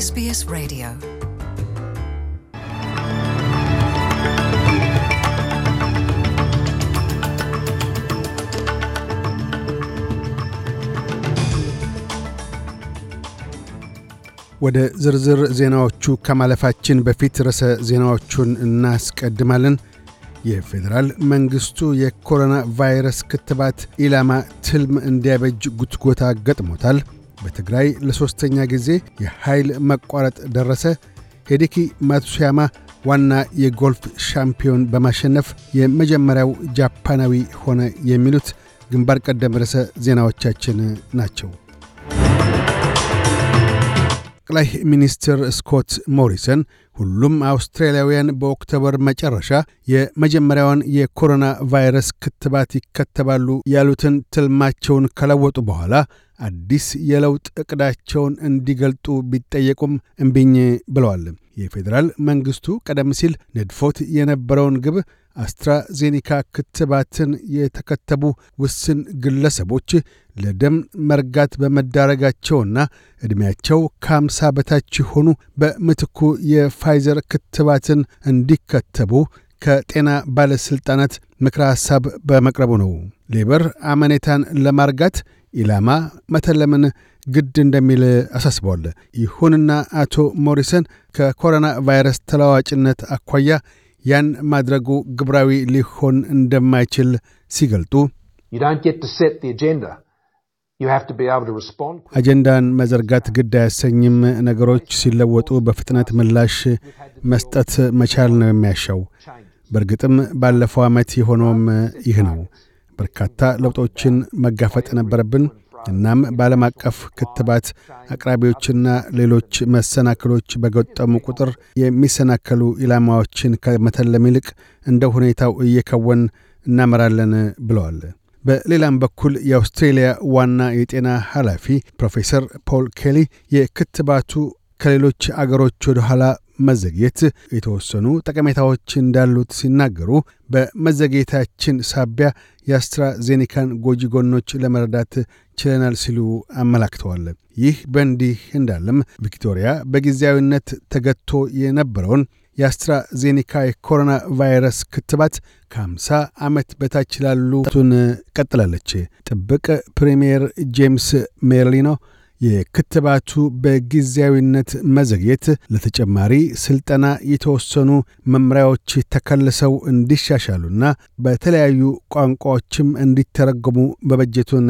SBS Radio ወደ ዝርዝር ዜናዎቹ ከማለፋችን በፊት ርዕሰ ዜናዎቹን እናስቀድማለን። የፌዴራል መንግሥቱ የኮሮና ቫይረስ ክትባት ኢላማ ትልም እንዲያበጅ ጉትጎታ ገጥሞታል። በትግራይ ለሦስተኛ ጊዜ የኃይል መቋረጥ ደረሰ። ሄዴኪ ማትሱያማ ዋና የጎልፍ ሻምፒዮን በማሸነፍ የመጀመሪያው ጃፓናዊ ሆነ። የሚሉት ግንባር ቀደም ርዕሰ ዜናዎቻችን ናቸው። ጠቅላይ ሚኒስትር ስኮት ሞሪሰን ሁሉም አውስትራሊያውያን በኦክቶበር መጨረሻ የመጀመሪያውን የኮሮና ቫይረስ ክትባት ይከተባሉ ያሉትን ትልማቸውን ከለወጡ በኋላ አዲስ የለውጥ እቅዳቸውን እንዲገልጡ ቢጠየቁም እምቢኝ ብለዋል። የፌዴራል መንግስቱ ቀደም ሲል ነድፎት የነበረውን ግብ አስትራዜኒካ ክትባትን የተከተቡ ውስን ግለሰቦች ለደም መርጋት በመዳረጋቸውና ዕድሜያቸው ከአምሳ በታች የሆኑ በምትኩ የፋይዘር ክትባትን እንዲከተቡ ከጤና ባለሥልጣናት ምክረ ሐሳብ በመቅረቡ ነው። ሌበር አመኔታን ለማርጋት ኢላማ መተለምን ግድ እንደሚል አሳስበዋል። ይሁንና አቶ ሞሪሰን ከኮሮና ቫይረስ ተለዋዋጭነት አኳያ ያን ማድረጉ ግብራዊ ሊሆን እንደማይችል ሲገልጡ አጀንዳን መዘርጋት ግድ አያሰኝም። ነገሮች ሲለወጡ በፍጥነት ምላሽ መስጠት መቻል ነው የሚያሻው። በእርግጥም ባለፈው ዓመት የሆነውም ይህ ነው። በርካታ ለውጦችን መጋፈጥ ነበረብን። እናም በዓለም አቀፍ ክትባት አቅራቢዎችና ሌሎች መሰናክሎች በገጠሙ ቁጥር የሚሰናከሉ ኢላማዎችን ከመተለም ይልቅ እንደ ሁኔታው እየከወን እናመራለን ብለዋል። በሌላም በኩል የአውስትሬልያ ዋና የጤና ኃላፊ ፕሮፌሰር ፖል ኬሊ የክትባቱ ከሌሎች አገሮች ወደ ኋላ መዘግየት የተወሰኑ ጠቀሜታዎች እንዳሉት ሲናገሩ በመዘግየታችን ሳቢያ የአስትራዜኒካን ጎጂ ጎኖች ለመረዳት ችለናል ሲሉ አመላክተዋል። ይህ በእንዲህ እንዳለም ቪክቶሪያ በጊዜያዊነት ተገቶ የነበረውን የአስትራዜኒካ የኮሮና ቫይረስ ክትባት ከ50 ዓመት በታች ላሉቱን ቀጥላለች። ጥብቅ ፕሪምየር ጄምስ ሜርሊ ነው የክትባቱ በጊዜያዊነት መዘግየት ለተጨማሪ ስልጠና የተወሰኑ መምሪያዎች ተከልሰው እንዲሻሻሉና በተለያዩ ቋንቋዎችም እንዲተረጎሙ በበጀቱን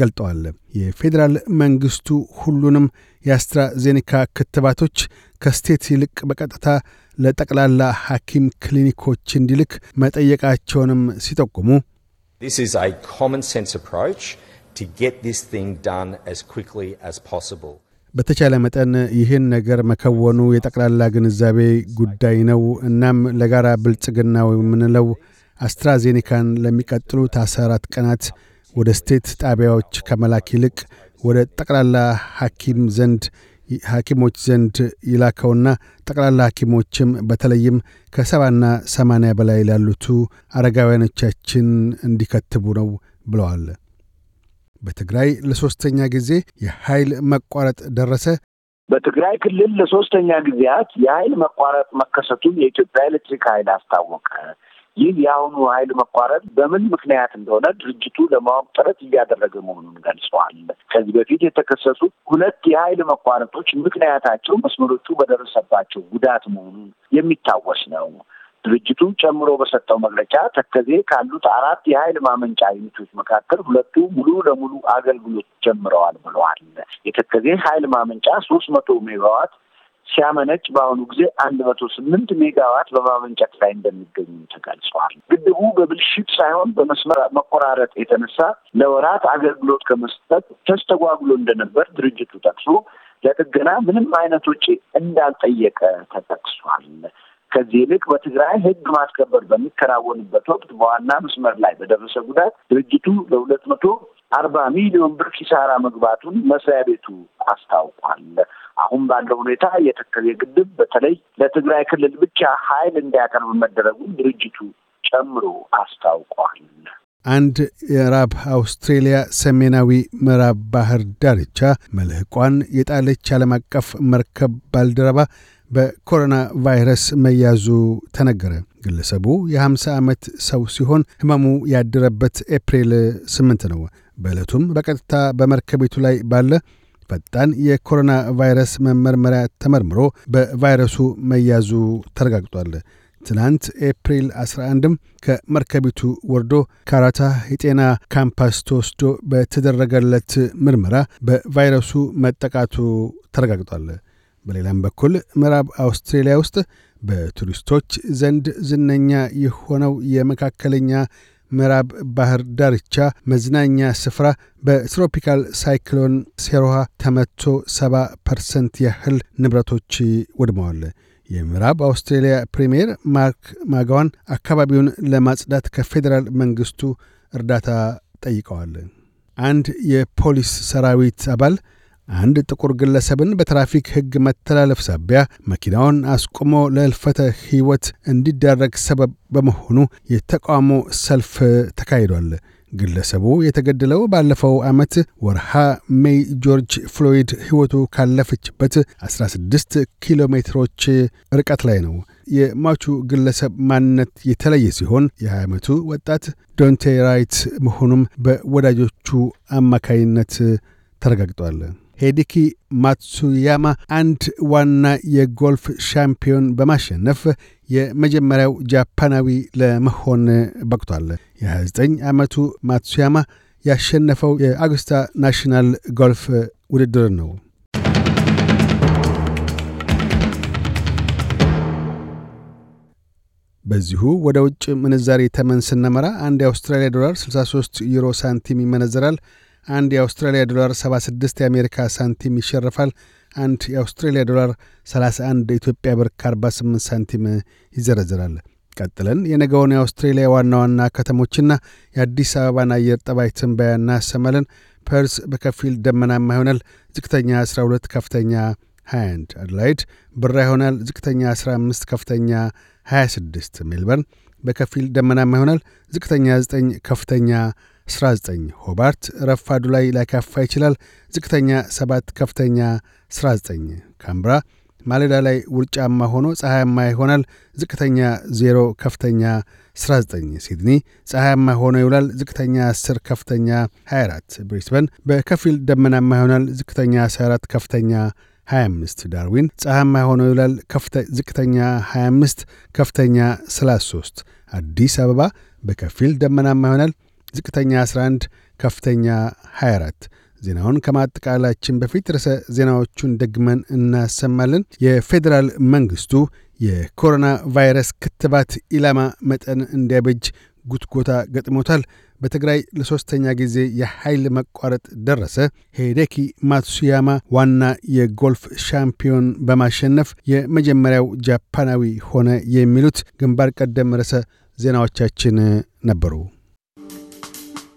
ገልጠዋል። የፌዴራል መንግሥቱ ሁሉንም የአስትራዜኒካ ክትባቶች ከስቴት ይልቅ በቀጥታ ለጠቅላላ ሐኪም ክሊኒኮች እንዲልክ መጠየቃቸውንም ሲጠቁሙ በተቻለ መጠን ይህን ነገር መከወኑ የጠቅላላ ግንዛቤ ጉዳይ ነው። እናም ለጋራ ብልጽግና የምንለው አስትራዜኔካን ለሚቀጥሉት 14 ቀናት ወደ ስቴት ጣቢያዎች ከመላክ ይልቅ ወደ ጠቅላላ ሐኪም ዘንድ ሐኪሞች ዘንድ ይላከውና ጠቅላላ ሐኪሞችም በተለይም ከሰባና ሰማንያ በላይ ላሉቱ አረጋውያኖቻችን እንዲከትቡ ነው ብለዋል። በትግራይ ለሶስተኛ ጊዜ የኃይል መቋረጥ ደረሰ። በትግራይ ክልል ለሶስተኛ ጊዜያት የኃይል መቋረጥ መከሰቱን የኢትዮጵያ ኤሌክትሪክ ኃይል አስታወቀ። ይህ የአሁኑ ኃይል መቋረጥ በምን ምክንያት እንደሆነ ድርጅቱ ለማወቅ ጥረት እያደረገ መሆኑን ገልጸዋል። ከዚህ በፊት የተከሰሱ ሁለት የኃይል መቋረጦች ምክንያታቸው መስመሮቹ በደረሰባቸው ጉዳት መሆኑን የሚታወስ ነው። ድርጅቱ ጨምሮ በሰጠው መግለጫ ተከዜ ካሉት አራት የኃይል ማመንጫ አይነቶች መካከል ሁለቱ ሙሉ ለሙሉ አገልግሎት ጀምረዋል ብለዋል። የተከዜ ኃይል ማመንጫ ሶስት መቶ ሜጋዋት ሲያመነጭ በአሁኑ ጊዜ አንድ መቶ ስምንት ሜጋዋት በማመንጨት ላይ እንደሚገኙ ተገልጸዋል። ግድቡ በብልሽት ሳይሆን በመስመር መቆራረጥ የተነሳ ለወራት አገልግሎት ከመስጠት ተስተጓጉሎ እንደነበር ድርጅቱ ጠቅሶ ለጥገና ምንም አይነት ውጪ እንዳልጠየቀ ተጠቅሷል። ከዚህ ይልቅ በትግራይ ህግ ማስከበር በሚከናወንበት ወቅት በዋና መስመር ላይ በደረሰ ጉዳት ድርጅቱ ለሁለት መቶ አርባ ሚሊዮን ብር ኪሳራ መግባቱን መስሪያ ቤቱ አስታውቋል። አሁን ባለው ሁኔታ የተከዜ ግድብ በተለይ ለትግራይ ክልል ብቻ ኃይል እንዲያቀርብ መደረጉን ድርጅቱ ጨምሮ አስታውቋል። አንድ የምዕራብ አውስትሬሊያ ሰሜናዊ ምዕራብ ባህር ዳርቻ መልህቋን የጣለች ዓለም አቀፍ መርከብ ባልደረባ በኮሮና ቫይረስ መያዙ ተነገረ። ግለሰቡ የ50 ዓመት ሰው ሲሆን ህመሙ ያደረበት ኤፕሪል 8 ነው። በዕለቱም በቀጥታ በመርከቢቱ ላይ ባለ ፈጣን የኮሮና ቫይረስ መመርመሪያ ተመርምሮ በቫይረሱ መያዙ ተረጋግጧል። ትናንት ኤፕሪል 11ም ከመርከቢቱ ወርዶ ካራታ የጤና ካምፓስ ተወስዶ በተደረገለት ምርመራ በቫይረሱ መጠቃቱ ተረጋግጧል። በሌላም በኩል ምዕራብ አውስትሬልያ ውስጥ በቱሪስቶች ዘንድ ዝነኛ የሆነው የመካከለኛ ምዕራብ ባህር ዳርቻ መዝናኛ ስፍራ በትሮፒካል ሳይክሎን ሴሮሃ ተመቶ 70 ፐርሰንት ያህል ንብረቶች ወድመዋል። የምዕራብ አውስትሬልያ ፕሪምየር ማርክ ማጋዋን አካባቢውን ለማጽዳት ከፌዴራል መንግስቱ እርዳታ ጠይቀዋል። አንድ የፖሊስ ሰራዊት አባል አንድ ጥቁር ግለሰብን በትራፊክ ሕግ መተላለፍ ሳቢያ መኪናውን አስቆሞ ለልፈተ ሕይወት እንዲዳረግ ሰበብ በመሆኑ የተቃውሞ ሰልፍ ተካሂዷል። ግለሰቡ የተገደለው ባለፈው ዓመት ወርሃ ሜይ ጆርጅ ፍሎይድ ሕይወቱ ካለፈችበት 16 ኪሎ ሜትሮች ርቀት ላይ ነው። የሟቹ ግለሰብ ማንነት የተለየ ሲሆን የ20 ዓመቱ ወጣት ዶንቴ ራይት መሆኑም በወዳጆቹ አማካይነት ተረጋግጧል። ሄዲኪ ማትሱያማ አንድ ዋና የጎልፍ ሻምፒዮን በማሸነፍ የመጀመሪያው ጃፓናዊ ለመሆን በቅቷል። የ29 ዓመቱ ማትሱያማ ያሸነፈው የአጉስታ ናሽናል ጎልፍ ውድድር ነው። በዚሁ ወደ ውጭ ምንዛሪ ተመን ስነመራ አንድ የአውስትራሊያ ዶላር 63 ዩሮ ሳንቲም ይመነዘራል። አንድ የአውስትራሊያ ዶላር 76 የአሜሪካ ሳንቲም ይሸርፋል። አንድ የአውስትራሊያ ዶላር 31 ኢትዮጵያ ብር ከ48 ሳንቲም ይዘረዝራል። ቀጥለን የነገውን የአውስትሬሊያ ዋና ዋና ከተሞችና የአዲስ አበባን አየር ጠባይ ትንበያ እናሰማለን። ፐርስ በከፊል ደመናማ ይሆናል። ዝቅተኛ 12፣ ከፍተኛ 21። አድላይድ ብራ ይሆናል። ዝቅተኛ 15፣ ከፍተኛ 26። ሜልበርን በከፊል ደመናማ ይሆናል። ዝቅተኛ 9፣ ከፍተኛ 19 ሆባርት ረፋዱ ላይ ሊያካፋ ይችላል። ዝቅተኛ 7 ከፍተኛ 19 ካምብራ ማለዳ ላይ ውርጫማ ሆኖ ፀሐያማ ይሆናል። ዝቅተኛ 0 ከፍተኛ 19 ሲድኒ ፀሐያማ ሆኖ ይውላል። ዝቅተኛ 10 ከፍተኛ 24 ብሪስበን በከፊል ደመናማ ይሆናል። ዝቅተኛ 14 ከፍተኛ 25 ዳርዊን ፀሐያማ ሆኖ ይውላል። ዝቅተኛ 25 ከፍተኛ 33 አዲስ አበባ በከፊል ደመናማ ይሆናል። ዝቅተኛ 11 ከፍተኛ 24። ዜናውን ከማጠቃላችን በፊት ርዕሰ ዜናዎቹን ደግመን እናሰማለን። የፌዴራል መንግስቱ የኮሮና ቫይረስ ክትባት ኢላማ መጠን እንዲያበጅ ጉትጎታ ገጥሞታል። በትግራይ ለሦስተኛ ጊዜ የኃይል መቋረጥ ደረሰ። ሄዴኪ ማትሱያማ ዋና የጎልፍ ሻምፒዮን በማሸነፍ የመጀመሪያው ጃፓናዊ ሆነ። የሚሉት ግንባር ቀደም ርዕሰ ዜናዎቻችን ነበሩ።